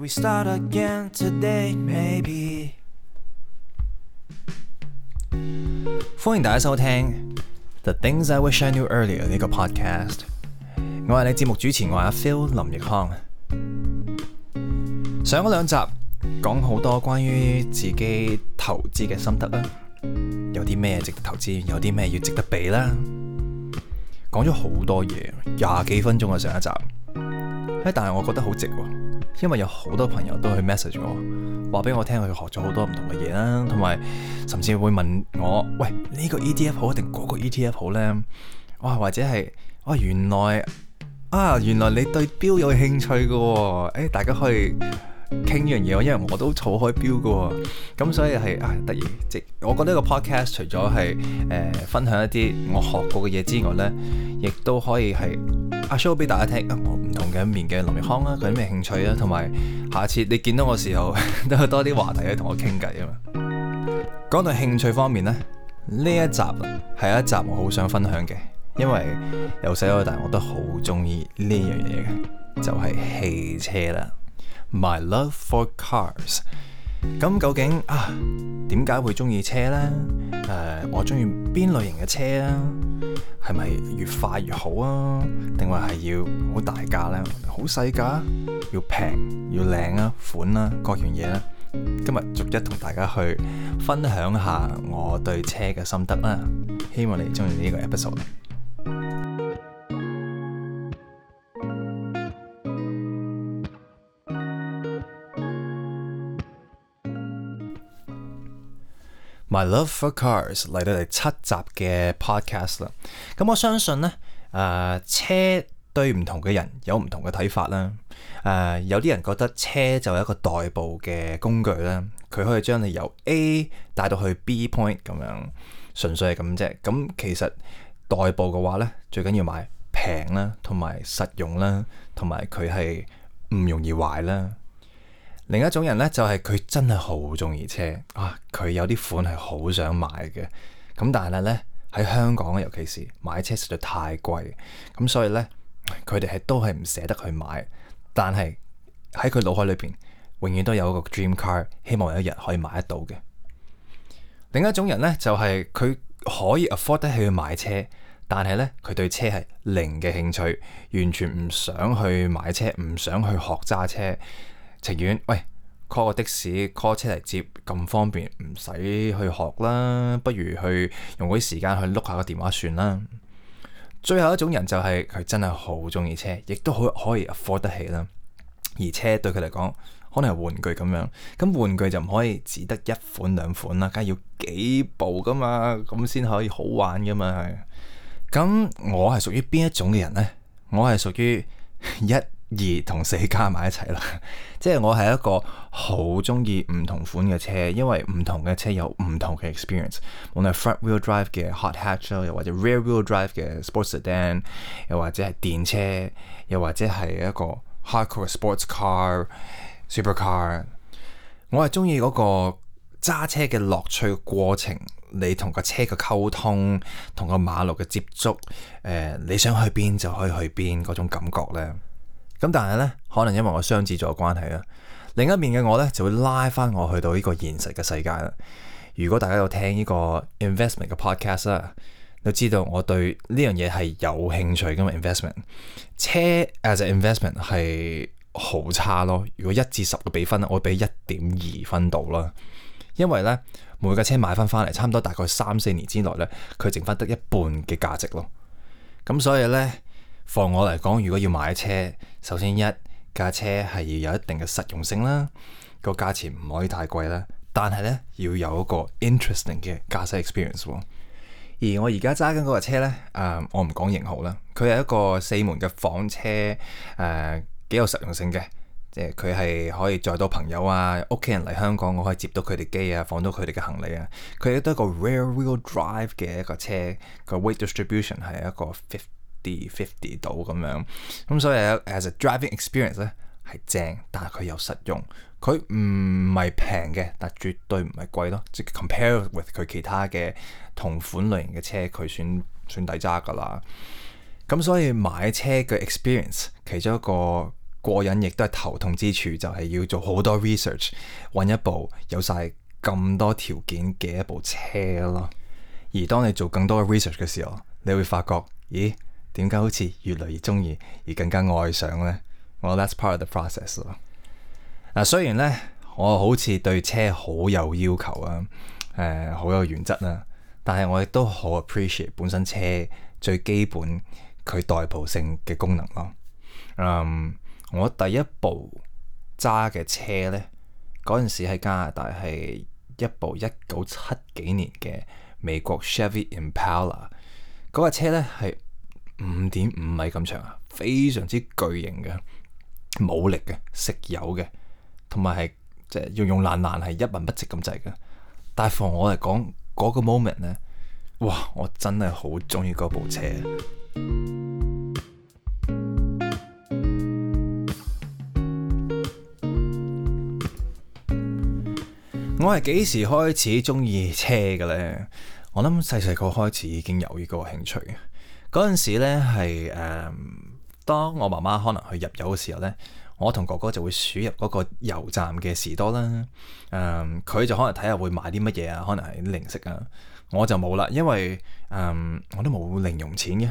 We today，maybe。start again today, maybe. 歡迎大家收聽《The Things I Wish I Knew Earlier》呢個 podcast。我係你節目主持人阿 Phil 林奕康。上嗰兩集講好多關於自己投資嘅心得啦，有啲咩值得投資，有啲咩要值得避啦，講咗好多嘢，廿幾分鐘啊上一集，但係我覺得好值得。因為有好多朋友都去 message 我，話俾我聽佢學咗好多唔同嘅嘢啦，同埋甚至會問我，喂、這個、個呢個 ETF 好定嗰個 ETF 好咧？哇，或者係哇原來啊原來你對標有興趣噶、哦？誒、哎，大家可以傾呢樣嘢，因為我都炒開標噶、哦，咁所以係啊得意，即我覺得個 podcast 除咗係誒分享一啲我學過嘅嘢之外呢，亦都可以係阿、啊、show 俾大家聽啊。嘅一面嘅林月康啦、啊，佢啲咩興趣啊？同埋下次你見到我時候都有多啲話題可以同我傾偈啊嘛。講到興趣方面呢，呢一集係一集我好想分享嘅，因為由細到大我都好中意呢樣嘢嘅，就係汽車啦，my love for cars。咁究竟啊，點解會中意車呢？誒、呃，我中意邊類型嘅車啊？係咪越快越好啊？定話係要好大架呢？好細架？要平？要靚啊？款啊？各樣嘢咧？今日逐一同大家去分享下我對車嘅心得啦、啊。希望你中意呢個 episode。My love for cars 嚟到第七集嘅 podcast 啦，咁我相信呢，誒、呃、車對唔同嘅人有唔同嘅睇法啦，誒、呃、有啲人覺得車就係一個代步嘅工具啦，佢可以將你由 A 帶到去 B point 咁樣，純粹係咁啫，咁其實代步嘅話呢，最緊要買平啦，同埋實用啦，同埋佢係唔容易壞啦。另一種人咧，就係佢真係好中意車啊！佢有啲款係好想買嘅，咁但係咧，喺香港，尤其是買車實在太貴，咁所以咧，佢哋係都係唔捨得去買。但係喺佢腦海裏邊，永遠都有一個 dream car，希望有一日可以買得到嘅。另一種人咧，就係佢可以 afford 得起去買車，但係咧，佢對車係零嘅興趣，完全唔想去買車，唔想去學揸車。情願喂 call 個的士 call 車嚟接咁方便，唔使去學啦，不如去用嗰啲時間去碌下個電話算啦。最後一種人就係佢真係好鍾意車，亦都可可以 afford 得起啦。而車對佢嚟講，可能係玩具咁樣，咁玩具就唔可以只得一款兩款啦，梗係要幾部㗎嘛，咁先可以好玩㗎嘛。咁我係屬於邊一種嘅人呢？我係屬於一。二同四加埋一齊啦，即係我係一個好中意唔同款嘅車，因為唔同嘅車有唔同嘅 experience。無論 front wheel drive 嘅 hot hatch 啦，又或者 rear wheel drive 嘅 sports sedan，又或者係電車，又或者係一個 hardcore sports car supercar，我係中意嗰個揸車嘅樂趣過程，你同個車嘅溝通，同個馬路嘅接觸，誒、呃，你想去邊就可以去邊嗰種感覺咧。咁但係咧，可能因為我雙子座嘅關係啦，另一面嘅我咧就會拉翻我去到呢個現實嘅世界啦。如果大家有聽呢個 investment 嘅 podcast 啦，都知道我對呢樣嘢係有興趣嘅 investment。車 as investment 係好差咯。如果一至十個比分，我會俾一點二分到啦。因為咧，每架車買翻翻嚟，差唔多大概三四年之內咧，佢剩翻得一半嘅價值咯。咁所以咧。放我嚟講，如果要買車，首先一架車係要有一定嘅實用性啦，個價錢唔可以太貴啦。但係咧，要有一個 interesting 嘅駕駛 experience。而我而家揸緊嗰架車咧，啊，我唔講型號啦，佢係一個四門嘅房車，誒，幾有實用性嘅，即係佢係可以載到朋友啊、屋企人嚟香港，我可以接到佢哋機啊、放到佢哋嘅行李啊。佢亦都一個 rear wheel drive 嘅一個車，個 weight distribution 係一個 fifth。D fifty 到咁樣，咁所以 as driving experience 咧係正，但係佢又實用，佢唔係平嘅，但絕對唔係貴咯。即 compare with 佢其他嘅同款類型嘅車，佢算算抵揸㗎喇。咁所以買車嘅 experience 其中一個過癮亦都係頭痛之處，就係、是、要做好多 research，揾一部有晒咁多條件嘅一部車咯。而當你做更多嘅 research 嘅時候，你會發覺，咦？點解好似越嚟越中意，而更加愛上呢？我、well, that's part of the process 咯。嗱，雖然呢，我好似對車好有要求啊，誒、呃、好有原則啦，但係我亦都好 appreciate 本身車最基本佢代步性嘅功能咯。嗯、um，我第一部揸嘅車呢，嗰陣時喺加拿大係一部一九七幾年嘅美國 Chevy Impala 嗰架車呢，係。五點五米咁長啊，非常之巨型嘅，冇力嘅，食油嘅，同埋係即係用用爛爛係一文不值咁滯嘅。但係逢我嚟講嗰個 moment 呢，哇！我真係好中意嗰部車。我係幾時開始中意車嘅呢？我諗細細個開始已經有呢個興趣。嗰陣時咧，係誒、嗯，當我媽媽可能去入油嘅時候咧，我同哥哥就會鼠入嗰個油站嘅士多啦。誒、嗯，佢就可能睇下會買啲乜嘢啊，可能係啲零食啊，我就冇啦，因為誒、嗯，我都冇零用錢嘅。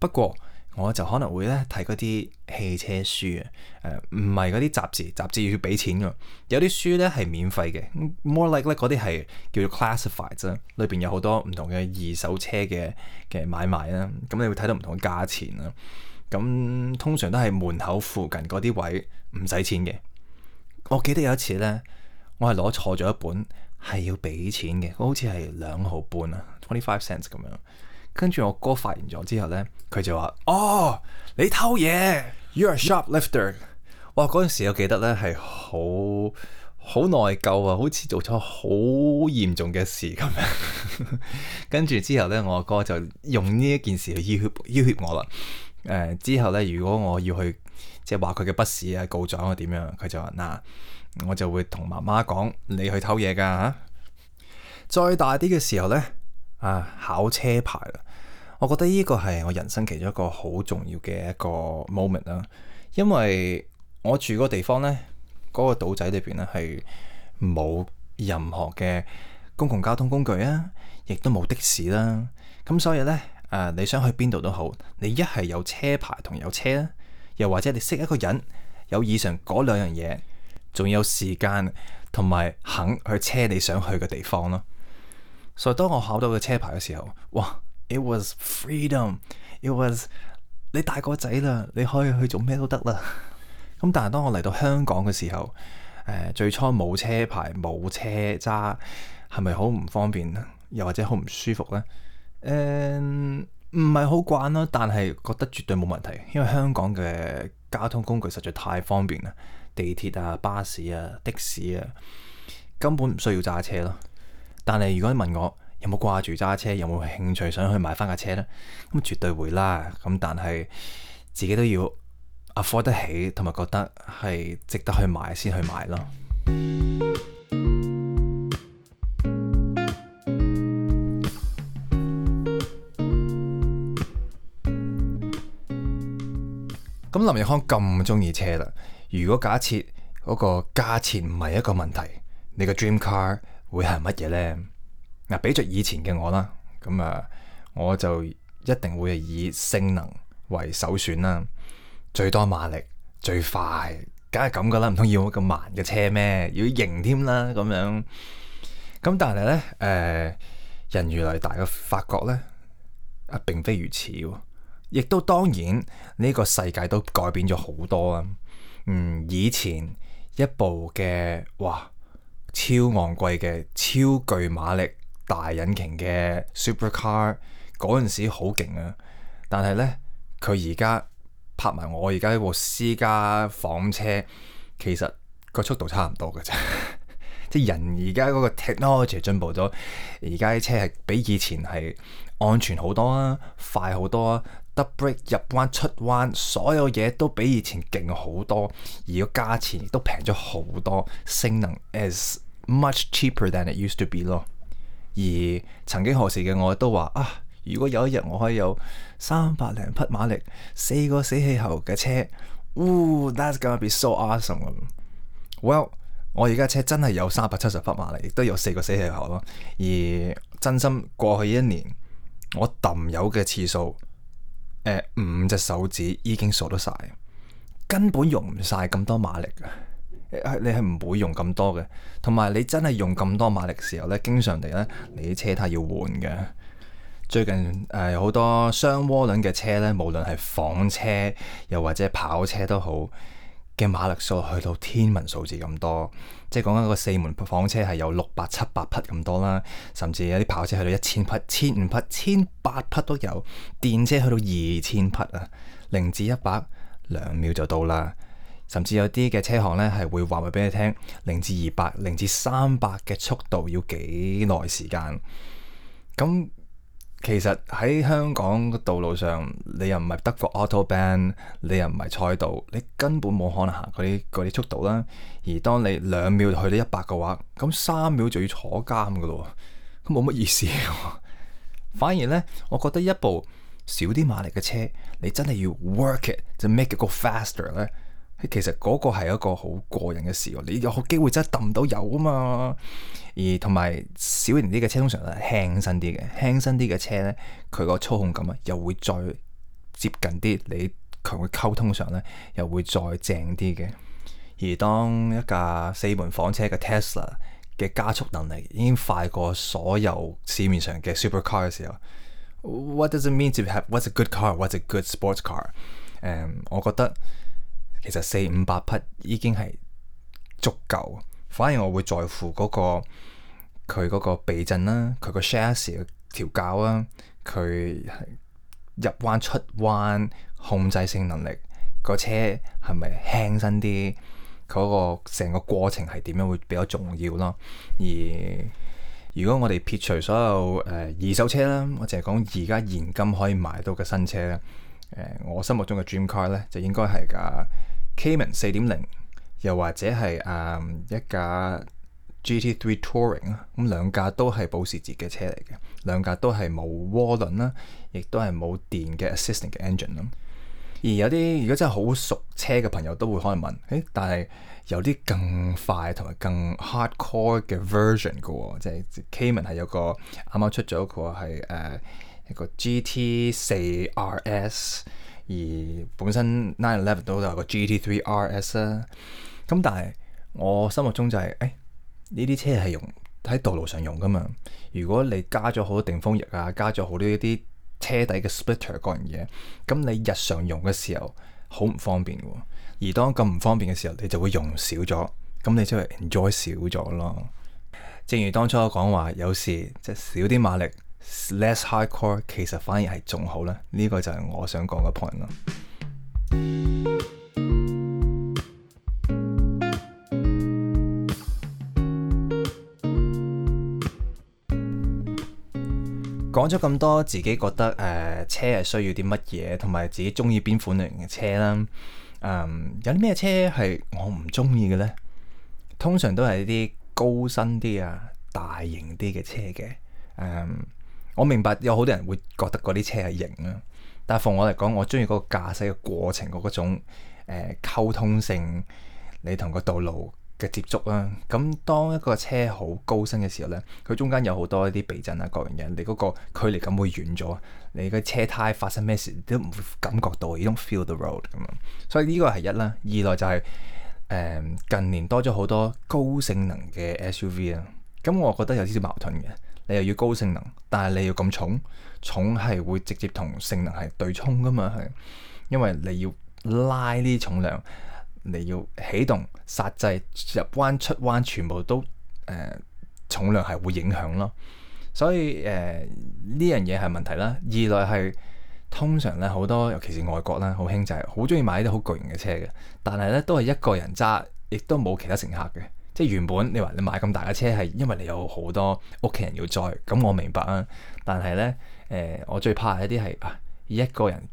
不過，我就可能會咧睇嗰啲汽車書啊，誒唔係嗰啲雜誌，雜誌要俾錢㗎。有啲書咧係免費嘅，more like 咧嗰啲係叫做 classified 啊，裏邊有好多唔同嘅二手車嘅嘅買賣啦。咁你會睇到唔同嘅價錢啦。咁通常都係門口附近嗰啲位唔使錢嘅。我記得有一次咧，我係攞錯咗一本係要俾錢嘅，好似係兩毫半啊，twenty five cents 咁樣。跟住我哥發現咗之後呢，佢就話：哦，你偷嘢，You're a shoplifter。哇！嗰陣時我記得呢係好好內疚啊，好似做咗好嚴重嘅事咁樣。 跟住之後呢，我哥就用呢一件事去要挾要挾我啦。誒、呃，之後呢，如果我要去即係話佢嘅不是啊，告狀啊點樣，佢就話：嗱，我就會同媽媽講，你去偷嘢噶、啊。再大啲嘅時候呢，啊，考車牌啦。我覺得呢個係我人生其中一個好重要嘅一個 moment 啦，因為我住個地方呢，嗰個島仔裏邊咧，係冇任何嘅公共交通工具啊，亦都冇的士啦，咁所以呢，誒、啊、你想去邊度都好，你一係有車牌同有車啊，又或者你識一個人，有以上嗰兩樣嘢，仲有時間同埋肯去車你想去嘅地方咯。所以當我考到個車牌嘅時候，哇！It was freedom. It was 你大個仔啦，你可以去做咩都得啦。咁 但係當我嚟到香港嘅時候，誒、呃、最初冇車牌冇車揸，係咪好唔方便，又或者好唔舒服呢？誒唔係好慣咯，但係覺得絕對冇問題，因為香港嘅交通工具實在太方便啦，地鐵啊、巴士啊、的士啊，根本唔需要揸車咯。但係如果你問我，有冇掛住揸車？有冇興趣想去買翻架車呢？咁、嗯、絕對會啦。咁但係自己都要 afford 得起，同埋覺得係值得去買先去買咯。咁 林奕康咁中意車啦。如果假設嗰個價錢唔係一個問題，你個 dream car 會係乜嘢呢？ 嗱，比著以前嘅我啦，咁啊，我就一定會以性能為首選啦，最多馬力最快，梗係咁噶啦，唔通要乜咁慢嘅車咩？要型添啦，咁樣咁，但係咧，誒、呃，人越來大嘅發覺咧，並非如此，亦都當然呢、這個世界都改變咗好多啊。嗯，以前一部嘅，哇，超昂貴嘅超巨馬力。大引擎嘅 super car 嗰陣時好勁啊，但係呢，佢而家拍埋我而家呢部私家房車，其實個速度差唔多嘅啫。即 係人而家嗰個 technology 進步咗，而家啲車係比以前係安全好多啊，快好多啊。Double brake 入彎出彎，所有嘢都比以前勁好多，而個價錢亦都平咗好多，性能 as much cheaper than it used to be 咯。而曾經何時嘅我都話啊，如果有一日我可以有三百零匹馬力、四個死氣喉嘅車 o、哦、that's gonna be so awesome！Well，我而家車真係有三百七十匹馬力，亦都有四個死氣喉咯。而真心過去一年，我抌油嘅次數，呃，五隻手指已經數得晒，根本用唔晒咁多馬力。你係唔會用咁多嘅，同埋你真係用咁多馬力時候呢，經常地呢，你啲車胎要換嘅。最近誒，好多雙渦輪嘅車呢，無論係房車又或者跑車都好嘅馬力數去到天文數字咁多，即係講緊個四門房車係有六百、七百匹咁多啦，甚至有啲跑車去到一千匹、千五匹、千八匹都有，電車去到二千匹啊，零至一百兩秒就到啦。甚至有啲嘅車行咧，係會話埋俾你聽，零至二百、零至三百嘅速度要幾耐時間？咁其實喺香港嘅道路上，你又唔係德國 Autobahn，你又唔係賽道，你根本冇可能行嗰啲嗰啲速度啦。而當你兩秒去到一百嘅話，咁三秒就要坐監噶咯，咁冇乜意思啊。反而呢，我覺得一部少啲馬力嘅車，你真係要 work it 就 make it go faster 咧。其實嗰個係一個好過癮嘅事喎，你有機會真係揼唔到油啊嘛。而同埋小型啲嘅車通常係輕身啲嘅，輕身啲嘅車咧，佢個操控感啊又會再接近啲，你同佢溝通上咧又會再正啲嘅。而當一架四門房車嘅 Tesla 嘅加速能力已經快過所有市面上嘅 Super Car 嘅時候，What does it mean to have what's a good car? What's a good sports car? 唔、um, 我覺得。其實四五百匹已經係足夠，反而我會在乎嗰、那個佢嗰個避震啦，佢個 share 嘅調校啦，佢入彎出彎控制性能力，個車係咪輕身啲？嗰個成個過程係點樣會比較重要咯。而如果我哋撇除所有誒、呃、二手車啦，我淨係講而家現金可以買到嘅新車咧，誒、呃，我心目中嘅 dream car 咧就應該係架。Cayman 四點零，又或者係誒、嗯、一架 GT3 Touring 啦，咁兩架都係保時捷嘅車嚟嘅，兩架都係冇渦輪啦，亦都係冇電嘅 assistant 嘅 engine 啦。而有啲如果真係好熟車嘅朋友都會可能問：誒，但係有啲更快同埋更 hardcore 嘅 version 嘅喎，即係 Cayman 係有個啱啱出咗一個係誒一個 GT4RS。而本身 Nine Eleven 都有個 GT3 RS 啊，咁但係我心目中就係、是，誒呢啲車係用喺道路上用㗎嘛。如果你加咗好多定風翼啊，加咗好多一啲車底嘅 splitter 各樣嘢，咁你日常用嘅時候好唔方便喎、啊。而當咁唔方便嘅時候，你就會用少咗，咁你即係 enjoy 少咗咯。正如當初我講話，有時即係少啲馬力。Less hardcore 其實反而係仲好啦。呢個就係我想講嘅 point 咯。講咗咁多，自己覺得誒、呃、車係需要啲乜嘢，同埋自己中意邊款類型嘅車啦。嗯、呃，有啲咩車係我唔中意嘅呢？通常都係啲高身啲啊、大型啲嘅車嘅。嗯、呃。我明白有好多人會覺得嗰啲車係型啊。但係奉我嚟講，我中意嗰個駕駛嘅過程嗰個種、呃、溝通性，你同個道路嘅接觸啦。咁、啊、當一個車好高身嘅時候呢，佢中間有好多一啲避震啊，各樣嘢，你嗰個距離感會遠咗，你嘅車胎發生咩事你都唔會感覺到，你唔 feel the road 咁啊。所以呢個係一啦，二來就係、是、誒、嗯、近年多咗好多高性能嘅 SUV 啦、啊。咁我覺得有少少矛盾嘅。你又要高性能，但係你要咁重，重係會直接同性能係對沖㗎嘛？係，因為你要拉呢啲重量，你要起動、煞掣、入彎、出彎，全部都誒、呃、重量係會影響咯。所以誒呢、呃、樣嘢係問題啦。二來係通常咧好多，尤其是外國啦，好興就係好鍾意買啲好巨型嘅車嘅，但係咧都係一個人揸，亦都冇其他乘客嘅。即係原本你話你買咁大嘅車係因為你有好多屋企人要載，咁我明白啊。但係咧，誒、呃、我最怕一啲係啊，一個人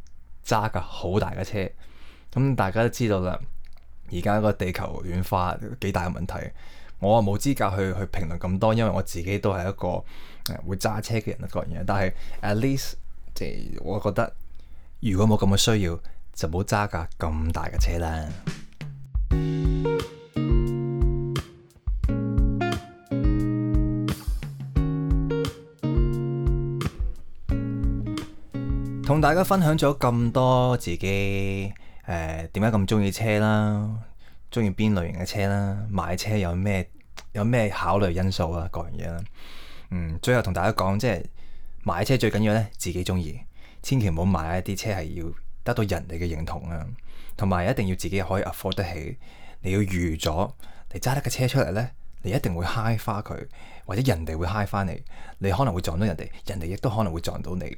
揸架好大嘅車。咁大家都知道啦，而家個地球暖化幾大嘅問題，我啊冇資格去去評論咁多，因為我自己都係一個誒會揸車嘅人啊，各樣。但係 at least，即係我覺得，如果冇咁嘅需要，就冇揸架咁大嘅車啦。同大家分享咗咁多自己誒點解咁中意車啦，中意邊類型嘅車啦，買車有咩有咩考慮因素啊，各樣嘢啦。嗯，最後同大家講，即係買車最緊要呢，自己中意，千祈唔好買一啲車係要得到人哋嘅認同啊。同埋一定要自己可以 afford 得起。你要預咗，你揸得個車出嚟呢，你一定會嗨花佢，或者人哋會嗨翻你。你可能會撞到人哋，人哋亦都可能會撞到你。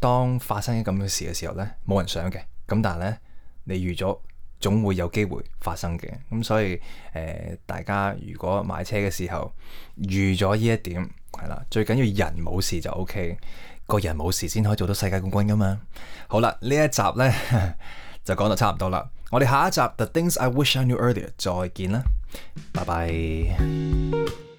當發生咁嘅事嘅時候呢，冇人想嘅。咁但係呢，你預咗總會有機會發生嘅。咁所以誒、呃，大家如果買車嘅時候預咗呢一點係啦，最緊要人冇事就 OK。個人冇事先可以做到世界冠軍噶嘛。好啦，呢一集呢 就講到差唔多啦。我哋下一集 The Things I Wish I Knew Earlier 再見啦，拜拜。